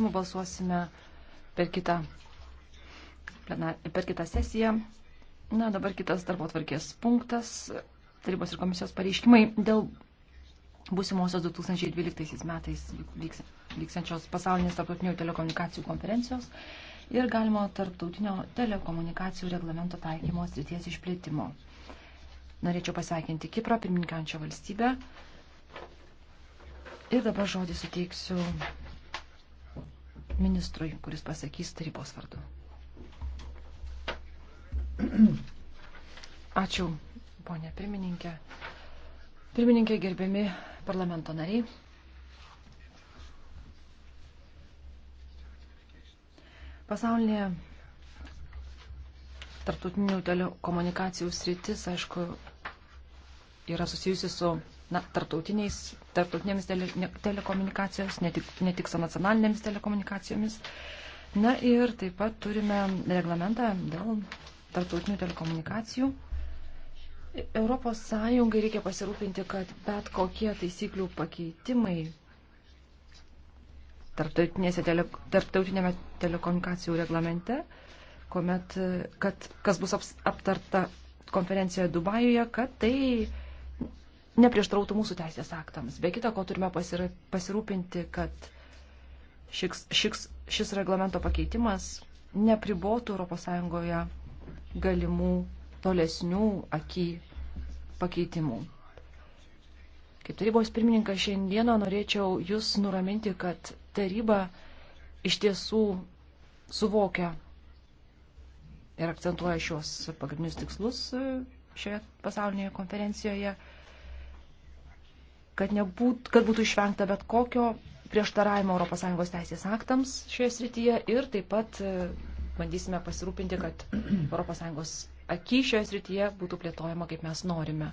pakeitimų balsuosime per kitą, per kitą sesiją. Na, dabar kitas darbo tvarkės punktas. Tarybos ir komisijos pareiškimai dėl būsimosios 2012 metais vyks, vyksiančios pasaulinės tarptautinių telekomunikacijų konferencijos ir galimo tarptautinio telekomunikacijų reglamento taikymo srities išplėtimo. Norėčiau pasveikinti Kiprą, pirmininkančią valstybę. Ir dabar žodį suteiksiu ministrui, kuris pasakys tarybos vardu. Ačiū, ponė pirmininkė. Pirmininkė, gerbiami parlamento nariai. Pasaulinė tarptautinių telekomunikacijų sritis, aišku, yra susijusi su na, tarptautinėmis tele, telekomunikacijomis, ne tik, ne tik su nacionalinėmis telekomunikacijomis. Na ir taip pat turime reglamentą dėl tarptautinių telekomunikacijų. Europos Sąjungai reikia pasirūpinti, kad bet kokie taisyklių pakeitimai tele, tarptautinėme telekomunikacijų reglamente, kuomet, kad kas bus aps, aptarta konferencijoje Dubajuje, kad tai neprieštrautų mūsų teisės aktams. Be kita ko turime pasirūpinti, kad šiks, šiks, šis reglamento pakeitimas nepribotų ES galimų tolesnių akį pakeitimų. Kaip tarybos pirmininkas šiandieną norėčiau Jūs nuraminti, kad taryba iš tiesų suvokia ir akcentuoja šios pagrindinius tikslus e, šioje pasaulinėje konferencijoje kad, nebūt, kad būtų išvengta bet kokio prieštaravimo ES teisės aktams šioje srityje ir taip pat e, bandysime pasirūpinti, kad ES aky šioje srityje būtų plėtojama, kaip mes norime.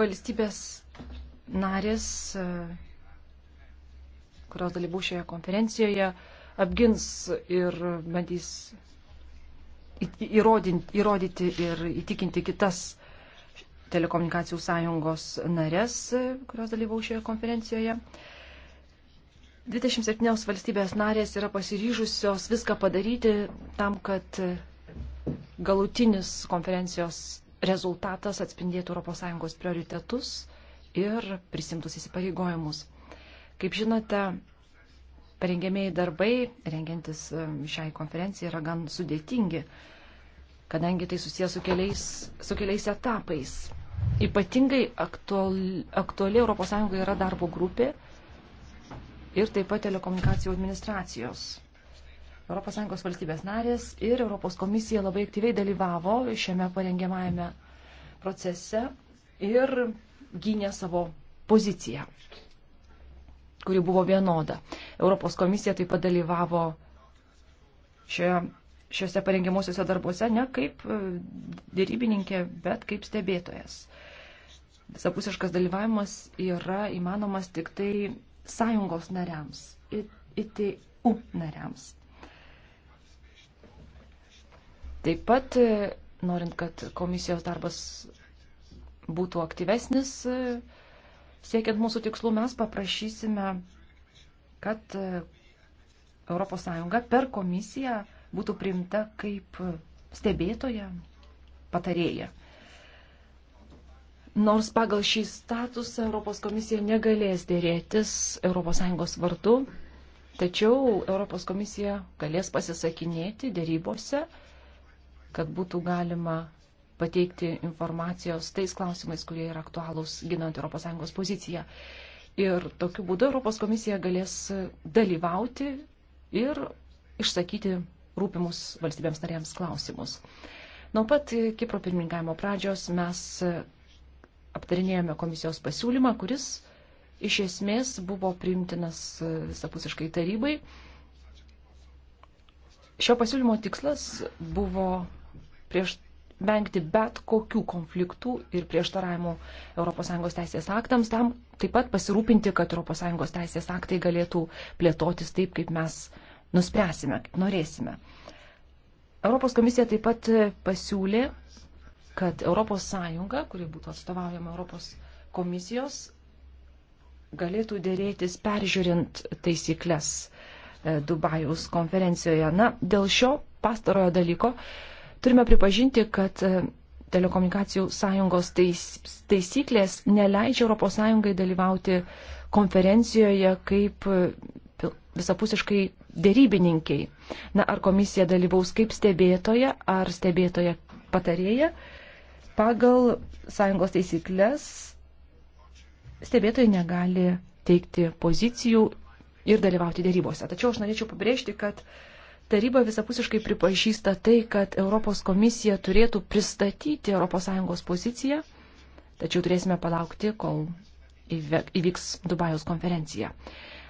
Valstybės narės, e, kurios dalyvau šioje konferencijoje, apgins ir bandys įrodinti, įrodyti ir įtikinti kitas telekomunikacijų sąjungos narės, kurios dalyvau šioje konferencijoje. 27 valstybės narės yra pasiryžusios viską padaryti tam, kad galutinis konferencijos rezultatas atspindėtų ES prioritetus ir prisimtus įsipareigojimus. Kaip žinote, parengiamieji darbai, rengiantis um, šiai konferencijai, yra gan sudėtingi, kadangi tai susijęs su keliais, su keliais etapais. Ypatingai aktuali, aktuali ES yra darbo grupė ir taip pat telekomunikacijų administracijos. ES valstybės narės ir ES komisija labai aktyviai dalyvavo šiame parengiamajame procese ir gynė savo poziciją, kuri buvo vienoda. ES komisija taip pat dalyvavo šioje šiuose parengimuosiuose darbuose ne kaip e, dėrybininkė, bet kaip stebėtojas. Visapusiškas dalyvavimas yra įmanomas tik tai sąjungos nariams, ITU nariams. Taip pat, e, norint, kad komisijos darbas būtų aktyvesnis, e, siekiant mūsų tikslų, mes paprašysime, kad ES per komisiją būtų priimta kaip stebėtoja, patarėja. Nors pagal šį statusą Europos komisija negalės dėrėtis ES vardu, tačiau Europos komisija galės pasisakinėti dėrybose, kad būtų galima pateikti informacijos tais klausimais, kurie yra aktualūs ginant ES poziciją. Ir tokiu būdu Europos komisija galės dalyvauti ir išsakyti rūpimus valstybėms narėms klausimus. Nuo pat Kipro pirmininkavimo pradžios mes aptarinėjome komisijos pasiūlymą, kuris iš esmės buvo priimtinas visapusiškai tarybai. Šio pasiūlymo tikslas buvo prieš vengti bet kokių konfliktų ir prieštaravimų ES teisės aktams, tam taip pat pasirūpinti, kad ES teisės aktai galėtų plėtotis taip, kaip mes nuspręsime, kaip norėsime. Europos komisija taip pat pasiūlė, kad Europos Sąjunga, kuri būtų atstovaujama Europos komisijos, galėtų dėrėtis peržiūrint taisyklės e, Dubajaus konferencijoje. Na, dėl šio pastarojo dalyko turime pripažinti, kad e, telekomunikacijų sąjungos tais, taisyklės neleidžia ES dalyvauti konferencijoje kaip e, visapusiškai dėrybininkiai. Na, ar komisija dalyvaus kaip stebėtoja, ar stebėtoja patarėja? Pagal sąjungos taisyklės stebėtojai negali teikti pozicijų ir dalyvauti dėrybose. Tačiau aš norėčiau pabrėžti, kad taryba visapusiškai pripažįsta tai, kad Europos komisija turėtų pristatyti ES poziciją, tačiau turėsime palaukti, kol įvyks Dubajos konferencija.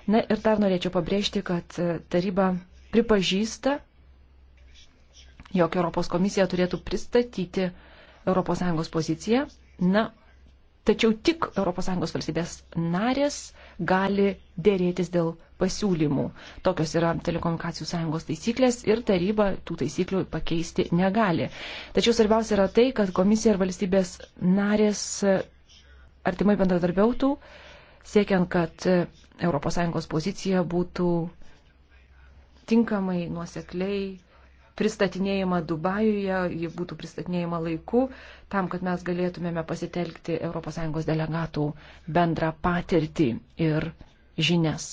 Na ir dar norėčiau pabrėžti, kad e, taryba pripažįsta, jog Europos komisija turėtų pristatyti ES poziciją. Na, tačiau tik ES valstybės narės gali dėrėtis dėl pasiūlymų. Tokios yra telekomunikacijų sąjungos taisyklės ir taryba tų taisyklių pakeisti negali. Tačiau svarbiausia yra tai, kad komisija ir valstybės narės e, artimai bendradarbiautų siekiant, kad ES pozicija būtų tinkamai, nuosekliai pristatinėjama Dubajuje, ji būtų pristatinėjama laiku, tam, kad mes galėtumėme pasitelkti ES delegatų bendrą patirtį ir žinias.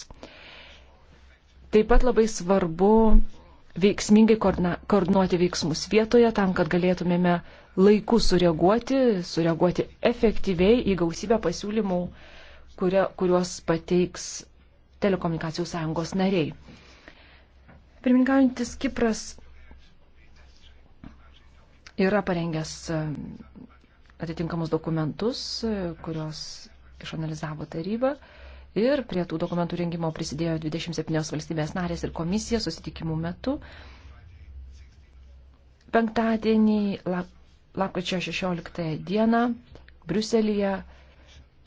Taip pat labai svarbu veiksmingai koordinuoti veiksmus vietoje, tam, kad galėtumėme laiku sureaguoti, sureaguoti efektyviai į gausybę pasiūlymų kuria, kuriuos pateiks telekomunikacijų sąjungos nariai. Pirmininkaujantis Kipras yra parengęs e, atitinkamus dokumentus, e, kuriuos išanalizavo taryba. Ir prie tų dokumentų rengimo prisidėjo 27 valstybės narės ir komisija susitikimų metu. Penktadienį, lap, lapkričio 16 dieną, Briuselėje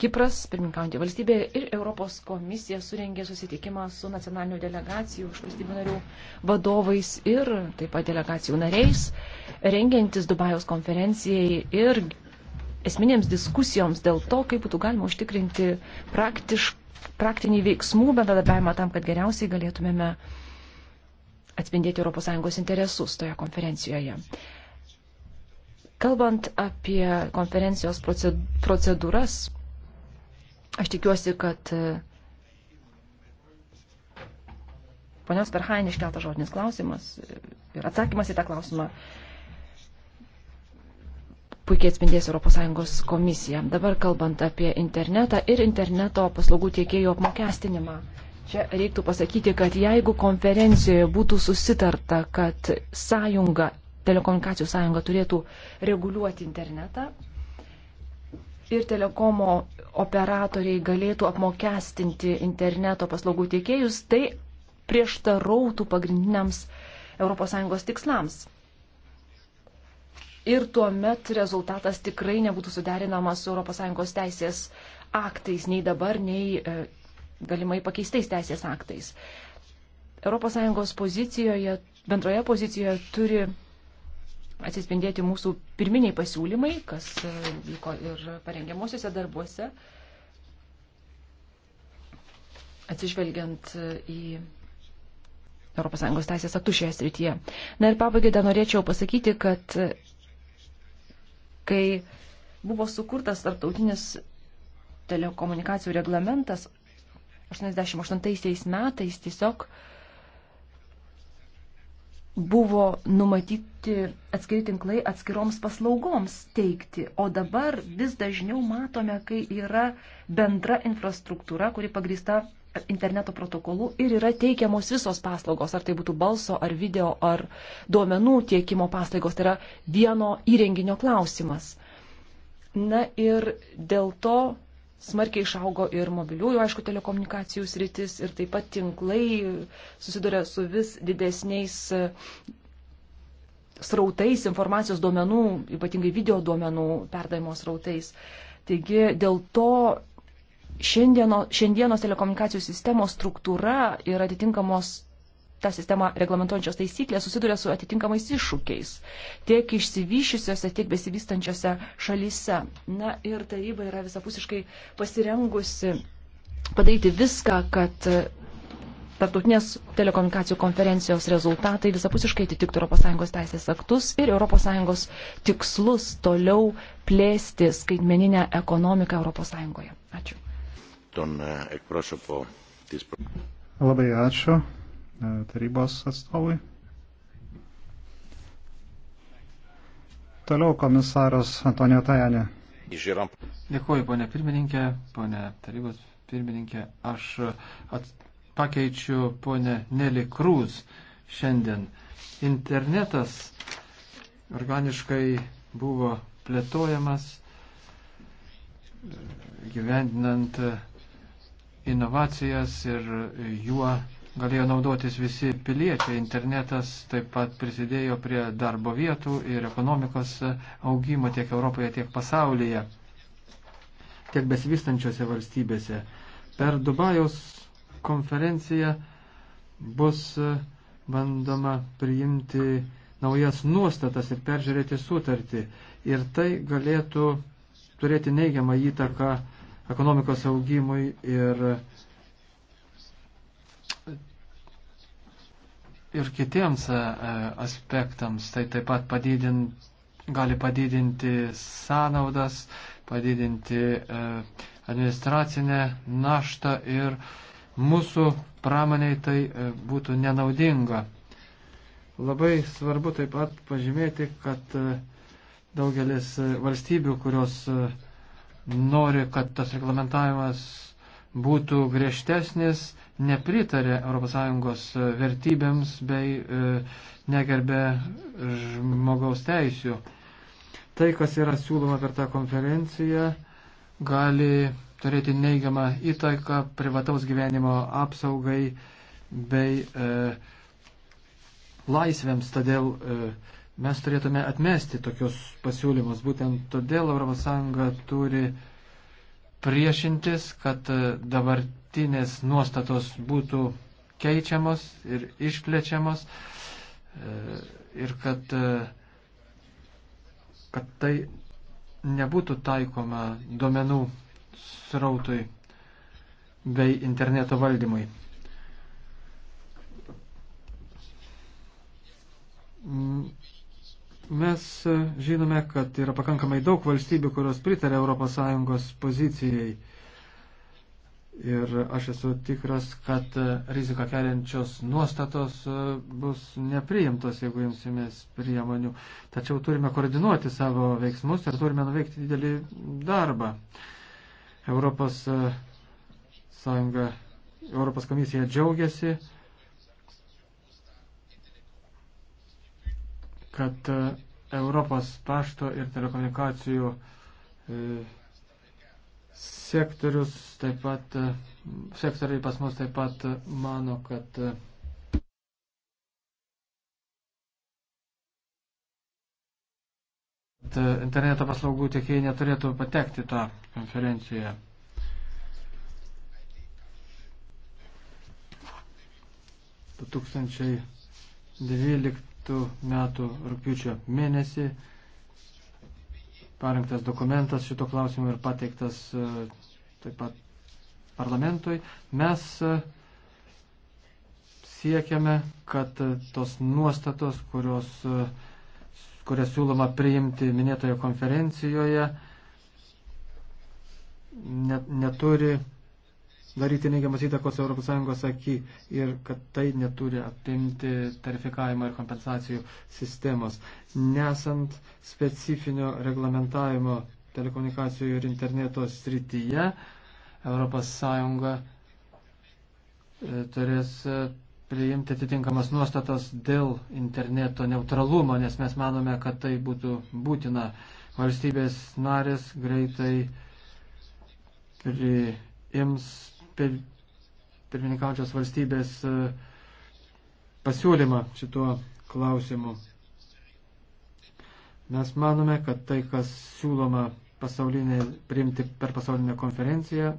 Kipras, pirmininkaujantį valstybę ir Europos komisija surengė susitikimą su nacionalinių delegacijų iš valstybių narių vadovais ir taip pat delegacijų nariais, rengiantis Dubajaus konferencijai ir esminėms diskusijoms dėl to, kaip būtų galima užtikrinti praktiš, praktinį veiksmų bendradarbiavimą tam, kad geriausiai galėtumėme atspindėti ES interesus toje konferencijoje. Kalbant apie konferencijos procedūras, Aš tikiuosi, kad e, ponios Verhain iškeltas žodinis klausimas e, ir atsakymas į tą klausimą puikiai atspindės ES komisija. Dabar kalbant apie internetą ir interneto paslaugų tiekėjų apmokestinimą. Čia reiktų pasakyti, kad jeigu konferencijoje būtų susitarta, kad sąjunga, telekomunikacijų sąjunga turėtų reguliuoti internetą, ir telekomo operatoriai galėtų apmokestinti interneto paslaugų tiekėjus, tai prieštarautų pagrindiniams ES tikslams. Ir tuomet rezultatas tikrai nebūtų suderinamas su ES teisės aktais, nei dabar, nei e, galimai pakeistais teisės aktais. ES pozicijoje, bendroje pozicijoje turi atsispindėti mūsų pirminiai pasiūlymai, kas e, vyko ir parengiamuosiuose darbuose, atsižvelgiant e, į ES teisės aktų šioje srityje. Na ir pabaigai dar norėčiau pasakyti, kad e, kai buvo sukurtas tarptautinis telekomunikacijų reglamentas 88 metais tiesiog uh, buvo numatyti atskiri tinklai atskiroms paslaugoms teikti, o dabar vis dažniau matome, kai yra bendra infrastruktūra, kuri pagrįsta interneto protokolu ir yra teikiamos visos paslaugos, ar tai būtų balso, ar video, ar duomenų tiekimo paslaugos, tai yra vieno įrenginio klausimas. Na ir dėl to smarkiai išaugo ir mobiliųjų, aišku, telekomunikacijų sritis ir taip pat tinklai susiduria su vis didesniais e, srautais, informacijos duomenų, ypatingai video duomenų perdavimo srautais. Taigi dėl to šiandieno, šiandienos telekomunikacijų sistemos struktūra ir atitinkamos tą sistemą reglamentuojančios taisyklės susiduria su atitinkamais iššūkiais tiek išsivyšiusiose, tiek besivystančiose šalyse. Na ir taryba yra visapusiškai pasirengusi padaryti viską, kad e, tarptautinės telekomunikacijų konferencijos rezultatai visapusiškai atitiktų ES teisės aktus ir ES tikslus toliau plėsti skaitmeninę ekonomiką ES. Ačiū. E, Labai ačiū. E, tarybos atstovui. Toliau komisaras Antonijo Tajanė. Dėkuoju, ponė pirmininkė, ponė tarybos pirmininkė. Aš at, pakeičiu ponę Nelį Krūz šiandien. Internetas organiškai buvo plėtojamas gyvendinant inovacijas ir juo galėjo naudotis visi piliečiai. Internetas taip pat prisidėjo prie darbo vietų ir ekonomikos augimo tiek Europoje, tiek pasaulyje, tiek besivystančiose valstybėse. Per Dubajaus konferenciją bus bandoma priimti naujas nuostatas ir peržiūrėti sutartį. Ir tai galėtų turėti neigiamą įtaką ekonomikos augimui ir ir kitiems e, e, aspektams. Tai taip pat padidin, gali padidinti sąnaudas, padidinti e, administracinę naštą ir mūsų pramoniai tai būtų nenaudinga. Labai svarbu taip pat pažymėti, kad daugelis valstybių, kurios nori, kad tas reglamentavimas būtų griežtesnis, nepritarė ES vertybėms bei e, negerbė žmogaus teisių. Tai, kas yra siūloma per tą konferenciją, gali turėti neigiamą įtaką privataus gyvenimo apsaugai bei e, laisvėms. Todėl e, mes turėtume atmesti tokius pasiūlymus. Būtent todėl ES turi e, priešintis, kad e, dabartinės nuostatos būtų keičiamos ir išplečiamos e, ir kad, e, kad tai nebūtų taikoma duomenų srautui bei interneto valdymui. Mm Mes e, žinome, kad yra pakankamai daug valstybių, kurios pritarė ES pozicijai. Ir aš esu tikras, kad e, rizika keliančios nuostatos e, bus nepriimtos, jeigu imsimės priemonių. Tačiau turime koordinuoti savo veiksmus ir turime nuveikti didelį darbą. Europos, sąjunga, Europos komisija džiaugiasi kad e, Europos pašto ir telekomunikacijų e, sektorius taip pat, e, sektoriai pas mus taip pat mano, kad interneto paslaugų tiekėjai neturėtų patekti tą konferenciją. Du 2012 2011 metų rūpiučio mėnesį parengtas dokumentas šito klausimu ir pateiktas e, taip pat parlamentui. Mes e, siekiame, kad e, tos nuostatos, kurios, kurias siūloma priimti minėtoje konferencijoje, net, neturi daryti neigiamas įtakos ES akį ir kad tai neturi apimti tarifikavimo ir kompensacijų sistemos. Nesant specifinio reglamentavimo telekomunikacijų ir interneto srityje, ES e, turės e, priimti atitinkamas nuostatas dėl interneto neutralumo, nes mes manome, kad tai būtų būtina. Valstybės narės greitai priims pirmininkaujančios valstybės e, pasiūlymą šituo klausimu. Mes manome, kad tai, kas siūloma pasaulinė, priimti per pasaulinę konferenciją,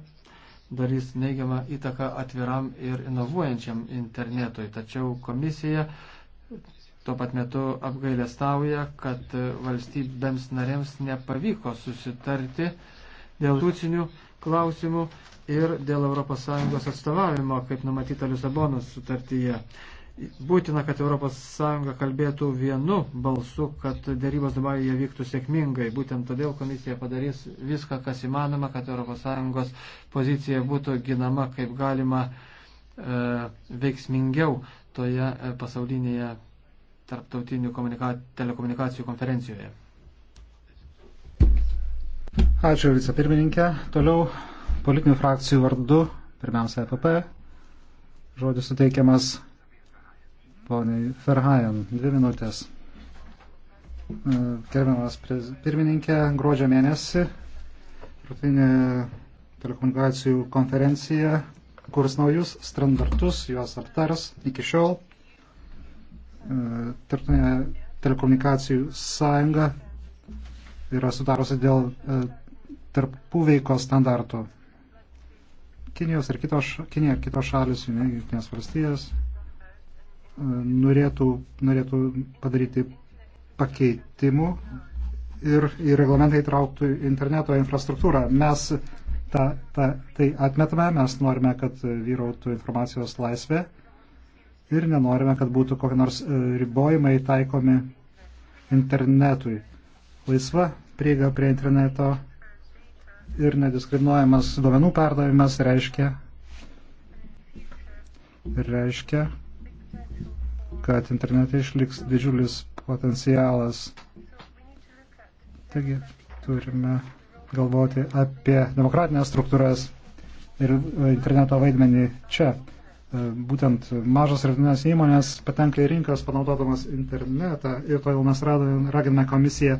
darys neigiamą įtaką atviram ir inovuojančiam internetui. Tačiau komisija tuo pat metu apgailestauja, kad valstybėms narėms nepavyko susitarti dėl rūcinių klausimų ir dėl ES atstovavimo, kaip numatyta Lisabonos sutartyje. Būtina, kad ES kalbėtų vienu balsu, kad dėrybos Dubajuje vyktų sėkmingai. Būtent todėl komisija padarys viską, kas įmanoma, kad ES pozicija būtų ginama kaip galima e, veiksmingiau toje e, pasaulinėje tarptautinių telekomunikacijų konferencijoje. Ačiū vicepirmininkė. Toliau politinių frakcijų vardu, pirmiausia, EPP. Žodis suteikiamas poniai Ferhajan. Dvi minutės. E, gerbiamas pirmininkė, gruodžio mėnesį rutinė telekomunikacijų konferencija kurs naujus standartus, juos aptars iki šiol. E, Tarptautinė telekomunikacijų sąjunga yra sutarusi dėl e, tarpų veiko standartų. Kinijos ir kitos, Kinija, kitos šalis, Junktinės valstijos e, norėtų, norėtų padaryti pakeitimų ir į reglamentą įtrauktų interneto infrastruktūrą. Mes tą, tą, tai atmetame, mes norime, kad vyrautų informacijos laisvė ir nenorime, kad būtų kokie nors e, ribojimai taikomi internetui. Laisva prieiga prie interneto ir nediskriminuojamas duomenų perdavimas reiškia, reiškia, kad internete išliks didžiulis potencialas. Taigi turime galvoti apie demokratinės struktūras ir e, interneto vaidmenį čia. E, būtent mažos ir vidinės įmonės patenka į rinkas panaudodamas internetą ir todėl mes raginame komisiją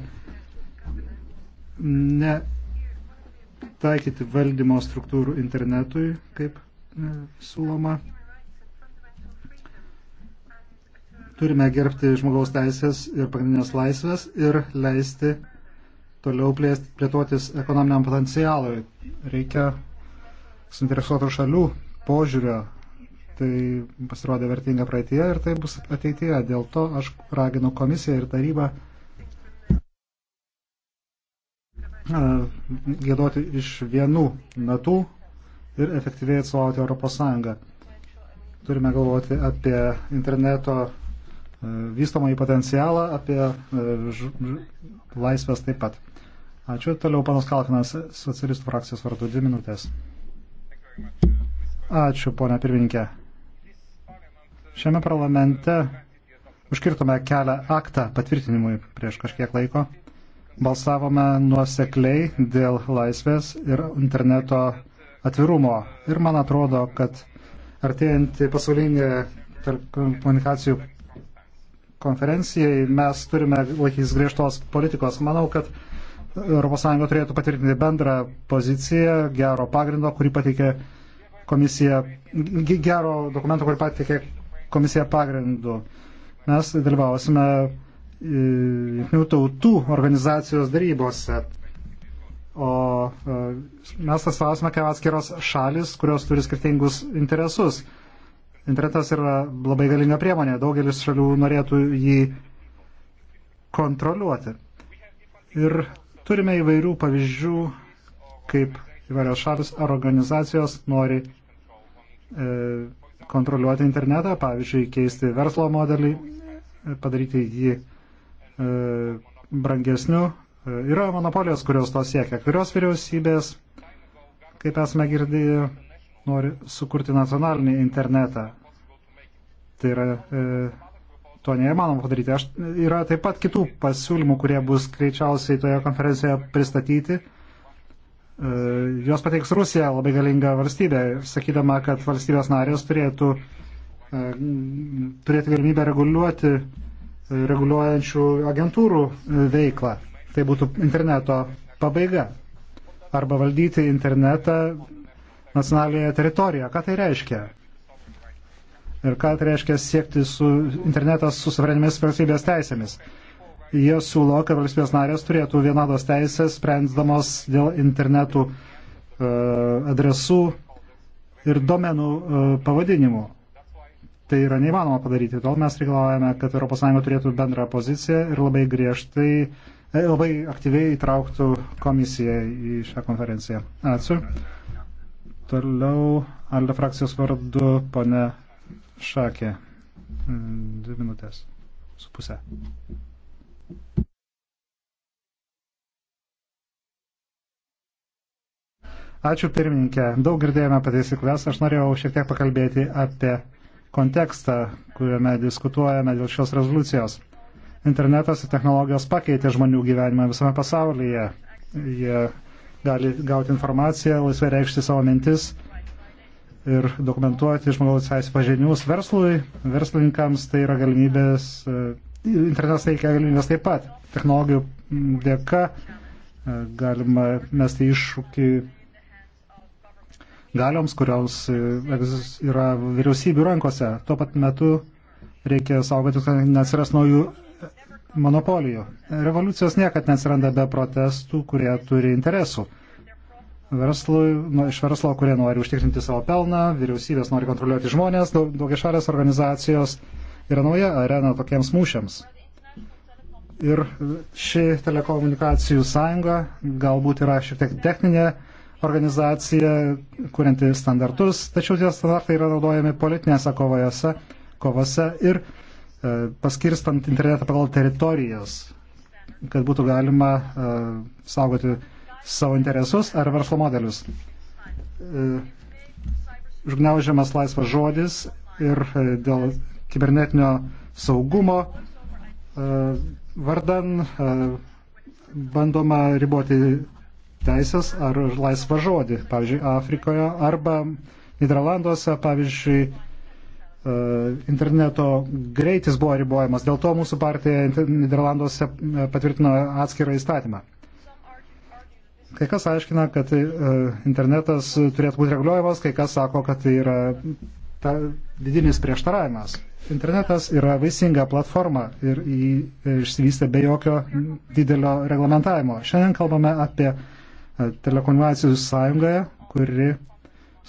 ne taikyti valdymo struktūrų internetui, kaip e, siūloma. Turime gerbti žmogaus teisės ir pagrindinės laisvės ir leisti toliau plėtotis ekonominiam potencialui. Reikia suinteresuotų šalių požiūrio. Tai pasirodė vertinga praeitie ir tai bus ateityje. Dėl to aš raginu komisiją ir tarybą E, gėdoti iš vienų natų ir efektyviai atstovauti Europos Sąjungą. Turime galvoti apie interneto e, vystomąjį potencialą, apie e, laisvės taip pat. Ačiū. Toliau panas Kalkinas, socialistų frakcijos vardu, dvi minutės. Ačiū, ponia pirmininkė. Šiame parlamente užkirtume kelią aktą patvirtinimui prieš kažkiek laiko balsavome nuosekliai dėl laisvės ir interneto atvirumo. Ir man atrodo, kad artėjantį pasaulinį komunikacijų konferencijai mes turime laikytis griežtos politikos. Manau, kad ES turėtų patvirtinti bendrą poziciją, gero pagrindo, kurį pateikė komisija, gero dokumento, kurį pateikė komisija pagrindu. Mes dalyvausime E, jungtinių tautų organizacijos darybose. O e, mes atstovausime kaip atskiros šalis, kurios turi skirtingus interesus. Internetas yra labai galinga priemonė, daugelis šalių norėtų jį kontroliuoti. Ir turime įvairių pavyzdžių, kaip įvairios šalis ar organizacijos nori e, kontroliuoti internetą, pavyzdžiui, keisti verslo modelį, padaryti jį E, brangesniu. E, yra monopolijos, kurios to siekia. Kurios vyriausybės, kaip esame girdėję, nori sukurti nacionalinį internetą. Tai yra, e, to neįmanoma padaryti. Aš, yra taip pat kitų pasiūlymų, kurie bus greičiausiai toje konferencijoje pristatyti. E, juos pateiks Rusija, labai galinga valstybė, sakydama, kad valstybės narės turėtų e, turėti galimybę reguliuoti reguliuojančių agentūrų e, veiklą. Tai būtų interneto pabaiga. Arba valdyti internetą nacionalinėje teritorijoje. Ką tai reiškia? Ir ką tai reiškia siekti su internetas su suverenėmis valstybės teisėmis? Jie siūlo, kad valstybės narės turėtų vienodos teisės, sprendamos dėl internetų e, adresų ir domenų e, pavadinimų tai yra neįmanoma padaryti. Todėl mes reikalavome, kad ES turėtų bendrą poziciją ir labai griežtai, e, labai aktyviai įtrauktų komisiją į šią konferenciją. Ačiū. Toliau Alde frakcijos vardu pone Šakė. Mm, dvi minutės su pusė. Ačiū pirmininkė. Daug girdėjome apie taisyklės. Aš norėjau šiek tiek pakalbėti apie kontekstą, kuriame diskutuojame dėl šios rezoliucijos. Internetas ir technologijos pakeitė žmonių gyvenimą visame pasaulyje. Jie gali gauti informaciją, laisvai reikšti savo mintis ir dokumentuoti žmogaus teisų pažeidimus verslui, verslininkams tai yra galimybės, e, internetas teikia galimybės taip pat. Technologijų dėka e, galima mesti iššūkį galioms, kurios e, yra vyriausybių rankose. Tuo pat metu reikia saugoti, kad neatsiras naujų e, monopolijų. Revoliucijos niekad neatsiranda be protestų, kurie turi interesų. Verslui, nu, iš verslo, kurie nori užtikrinti savo pelną, vyriausybės nori kontroliuoti žmonės, daug, daugiašalės organizacijos yra nauja arena tokiems mūšiams. Ir ši telekomunikacijų sąjunga galbūt yra šiek tiek techninė organizacija, kurianti standartus, tačiau tie standartai yra naudojami politinėse kovose, kovose ir e, paskirstant internetą pagal teritorijas, kad būtų galima e, saugoti savo interesus ar verslo modelius. E, Žgniaužiamas laisvas žodis ir dėl kibernetinio saugumo vardan bandoma riboti teisės ar laisvą žodį, pavyzdžiui, Afrikoje arba Niderlanduose, pavyzdžiui, e, interneto greitis buvo ribojamas. Dėl to mūsų partija Niderlanduose e, patvirtino atskirą įstatymą. Kai kas aiškina, kad tai, e, internetas turėtų būti reguliuojamas, kai kas sako, kad tai yra ta vidinis prieštaravimas. Internetas yra vaisinga platforma ir jį išsivystė be jokio didelio reglamentavimo. Šiandien kalbame apie telekomunikacijų sąjungoje, kuri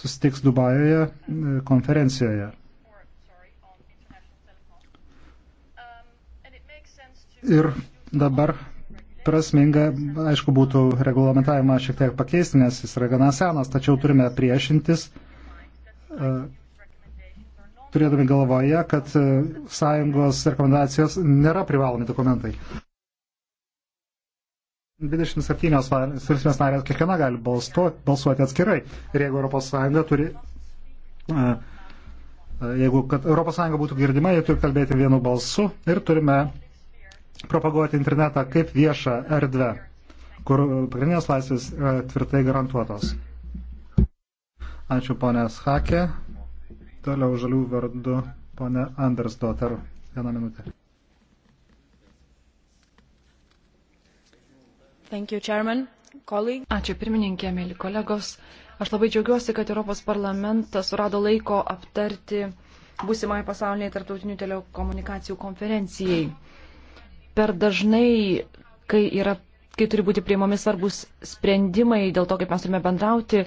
susitiks Dubajoje e, konferencijoje. Ir dabar prasminga, aišku, būtų reglamentavimą šiek tiek pakeisti, nes jis yra gana senas, tačiau turime priešintis, e, turėdami galvoje, kad e, sąjungos rekomendacijos nėra privalomi dokumentai. 27 valstybės narės kiekviena gali balsuoti, balsuoti atskirai. Ir jeigu ES turi, e, e, jeigu kad ES būtų girdima, jie turi kalbėti vienu balsu ir turime propaguoti internetą kaip viešą erdvę, kur pagrindinės laisvės yra tvirtai garantuotos. Ačiū ponės Hakė. Toliau žalių vardu ponė Anders Dotter. Vieną minutę. You, Ačiū pirmininkė, mėly kolegos. Aš labai džiaugiuosi, kad Europos parlamentas surado laiko aptarti būsimai pasauliniai tarptautinių telekomunikacijų konferencijai. Per dažnai, kai, yra, kai turi būti priimami svarbus sprendimai dėl to, kaip mes turime bendrauti,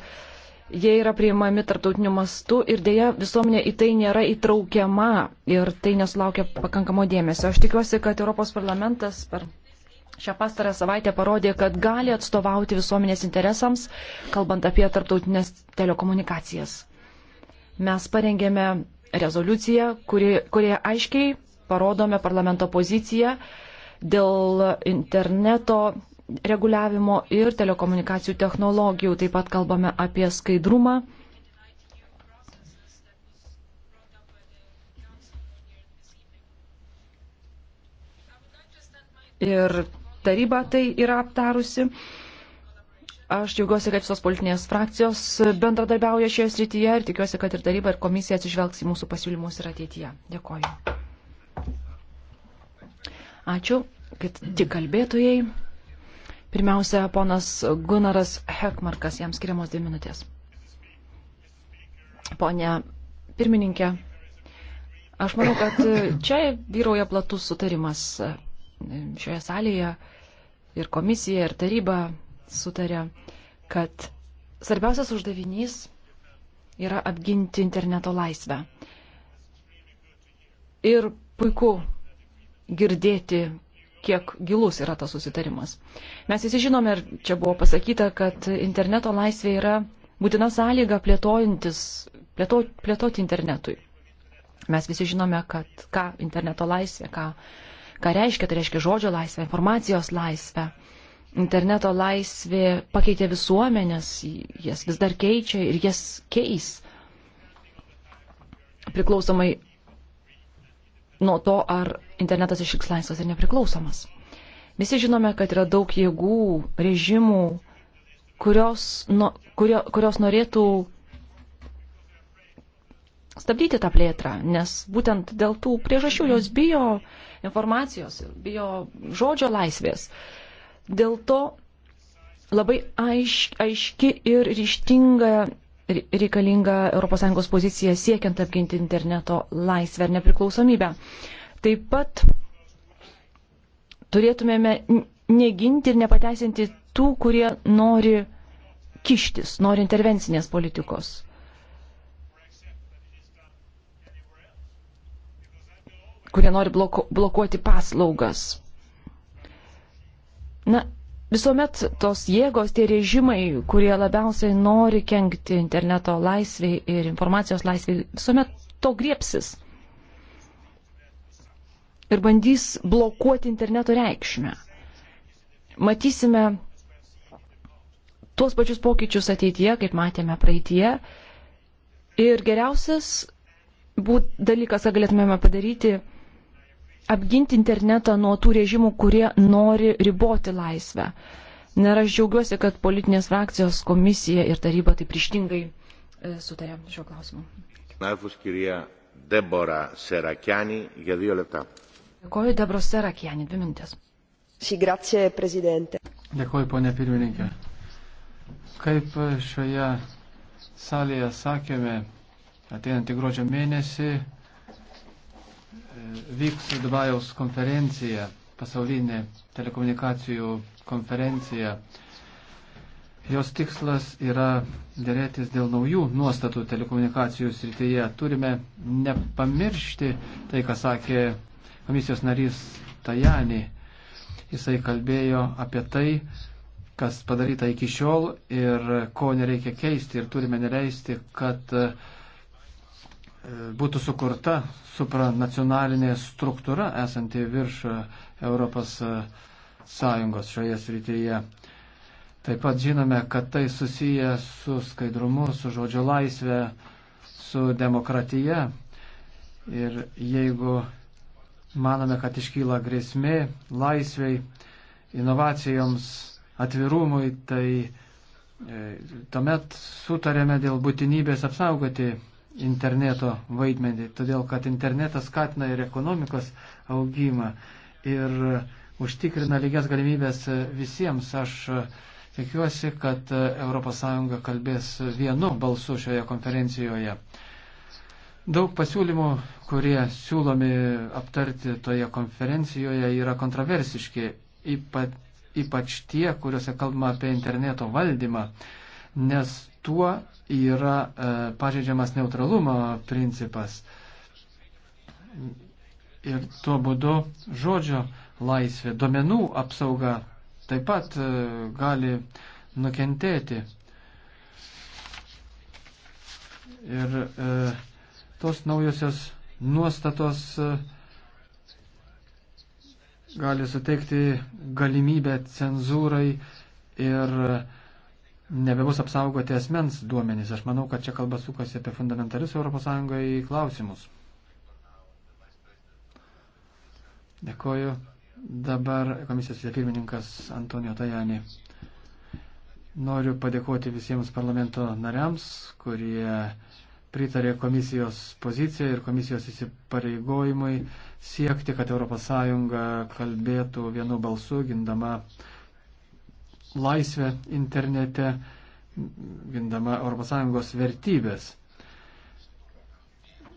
jie yra priimami tarptautiniu mastu ir dėja visuomenė į tai nėra įtraukiama ir tai nesulaukia pakankamo dėmesio. Aš tikiuosi, kad Europos parlamentas per šią pastarą savaitę parodė, kad gali atstovauti visuomenės interesams, kalbant apie tarptautinės telekomunikacijas. Mes parengėme rezoliuciją, kuri, kurie aiškiai parodome parlamento poziciją dėl interneto reguliavimo ir telekomunikacijų technologijų. Taip pat kalbame apie skaidrumą. Ir taryba tai yra aptarusi. Aš džiaugiuosi, kad visos politinės frakcijos bendradarbiauja šioje srityje ir tikiuosi, kad ir taryba ir komisija atsižvelgs į mūsų pasiūlymus ir ateityje. Dėkoju. Ačiū, kad tik kalbėtojai. Pirmiausia, ponas Gunaras Hekmarkas, jam skiriamos dvi minutės. Pone pirmininkė, aš manau, kad čia vyrauja platus sutarimas šioje salėje ir komisija, ir taryba sutarė, kad svarbiausias uždavinys yra apginti interneto laisvę. Ir puiku girdėti, kiek gilus yra tas susitarimas. Mes visi žinome ir čia buvo pasakyta, kad interneto laisvė yra būtina sąlyga plėtojantis, plėto, plėtoti internetui. Mes visi žinome, kad ką interneto laisvė, ką ką reiškia, tai reiškia žodžio laisvę, informacijos laisvę. Interneto laisvė pakeitė visuomenės, jas vis dar keičia ir jas keis. Priklausomai nuo to, ar internetas išliks laisvas ar nepriklausomas. Visi žinome, kad yra daug jėgų, režimų, kurios, no, kurio, kurios norėtų stabdyti tą plėtrą, nes būtent dėl tų priežasčių jos bijo informacijos, bijo žodžio laisvės. Dėl to labai aišk, aiški ir ryštinga reikalinga ES pozicija siekiant apginti interneto laisvę ir nepriklausomybę. Taip pat turėtumėme neginti ir nepateisinti tų, kurie nori kištis, nori intervencinės politikos. kurie nori bloku, blokuoti paslaugas. Na, visuomet tos jėgos, tie režimai, kurie labiausiai nori kenkti interneto laisviai ir informacijos laisviai, visuomet to griepsis. Ir bandys blokuoti interneto reikšmę. Matysime tuos pačius pokyčius ateityje, kaip matėme praeitie. Ir geriausias būt, dalykas, ką galėtumėme padaryti, apginti internetą nuo tų režimų, kurie nori riboti laisvę. Na ir aš džiaugiuosi, kad politinės frakcijos komisija ir taryba taip ryštingai e, sutarė šiuo klausimu. Dėkoju, Debro Serakiani, dvi minutės. Dėkoju, ponė pirmininkė. Kaip šioje salėje sakėme, ateinantį gruodžio mėnesį vyks Dubajaus konferencija, pasaulinė telekomunikacijų konferencija. Jos tikslas yra dėrėtis dėl naujų nuostatų telekomunikacijų srityje. Turime nepamiršti tai, ką sakė komisijos narys Tajani. Jisai kalbėjo apie tai, kas padaryta iki šiol ir ko nereikia keisti ir turime neleisti, kad uh, būtų sukurta supranacionalinė struktūra esanti virš e, Europos e, Sąjungos šioje srityje. Taip pat žinome, kad tai susiję su skaidrumu, su žodžio laisvė, su demokratija. Ir jeigu manome, kad iškyla grėsmė laisviai, inovacijoms, atvirumui, tai e, tuomet sutarėme dėl būtinybės apsaugoti interneto vaidmenį, todėl kad internetas skatina ir ekonomikos augimą ir užtikrina lygias galimybės visiems. Aš tikiuosi, kad ES kalbės vienu balsu šioje konferencijoje. Daug pasiūlymų, kurie siūlomi aptarti toje konferencijoje, yra kontroversiški, ypač, ypač tie, kuriuose kalbama apie interneto valdymą, nes tuo yra e, pažeidžiamas neutralumo principas. Ir tuo būdu žodžio laisvė, domenų apsauga taip pat e, gali nukentėti. Ir e, tos naujosios nuostatos e, gali suteikti galimybę cenzūrai ir e, nebebus apsaugoti asmens duomenys. Aš manau, kad čia kalba sukasi apie fundamentalius ES klausimus. Dėkoju. Dabar komisijos pirmininkas Antonijo Tajani. Noriu padėkoti visiems parlamento nariams, kurie pritarė komisijos pozicijai ir komisijos įsipareigojimui siekti, kad ES kalbėtų vienu balsu, gindama laisvę internete, gindama ES vertybės.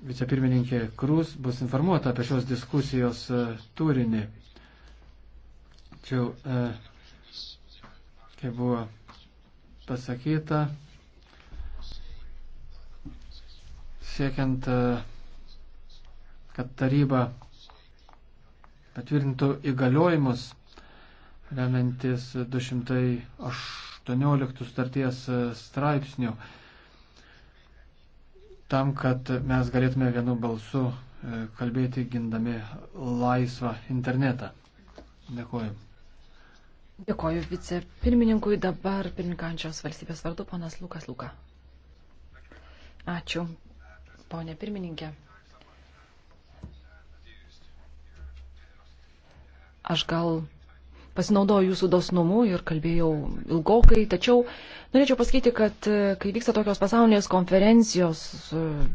Vicepirmininkė Krūs bus informuota apie šios diskusijos e, turinį. Tačiau, e, kaip buvo pasakyta, siekiant, e, kad taryba patvirtintų įgaliojimus remiantis 218 starties e, straipsnių, tam, kad mes galėtume vienu balsu e, kalbėti gindami laisvą internetą. Dėkuoju. Dėkuoju vicepirmininkui, dabar pirmininkančios valstybės vardu ponas Lukas Luka. Ačiū, ponė pirmininkė. Aš gal pasinaudojau jūsų dosnumu ir kalbėjau ilgokai, tačiau norėčiau pasakyti, kad e, kai vyksta tokios pasaulinės konferencijos su e,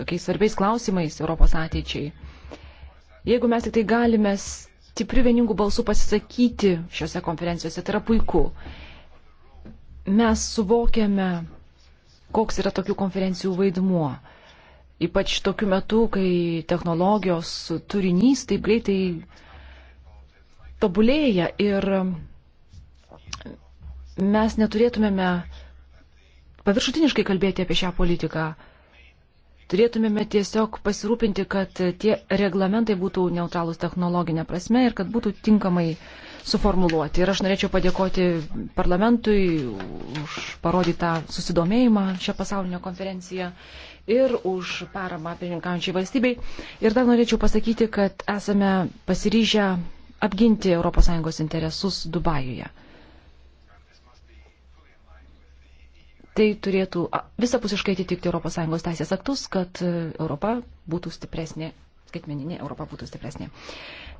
tokiais svarbiais klausimais Europos ateičiai, jeigu mes tik tai galime stipriu vieningų balsų pasisakyti šiuose konferencijose, tai yra puiku. Mes suvokiame, koks yra tokių konferencijų vaidmuo. Ypač tokiu metu, kai technologijos turinys taip greitai tobulėja ir mes neturėtumėme paviršutiniškai kalbėti apie šią politiką. Turėtumėme tiesiog pasirūpinti, kad tie reglamentai būtų neutralūs technologinė prasme ir kad būtų tinkamai suformuluoti. Ir aš norėčiau padėkoti parlamentui už parodytą susidomėjimą šią pasaulinę konferenciją ir už paramą pirmininkaujančiai valstybei. Ir dar norėčiau pasakyti, kad esame pasiryžę apginti ES interesus Dubajuje. Tai turėtų visapusiškai atitikti ES teisės aktus, kad e, Europa būtų stipresnė, skaitmeninė Europa būtų stipresnė.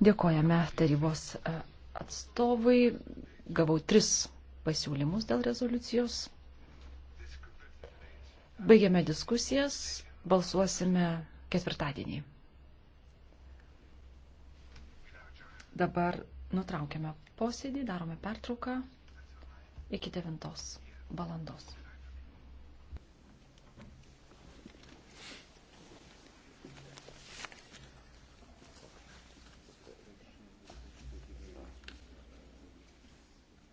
Dėkojame tarybos e, atstovui. Gavau tris pasiūlymus dėl rezoliucijos. Baigiame diskusijas, balsuosime ketvirtadienį. Dabar nutraukiame posėdį, darome pertrauką iki 9 valandos.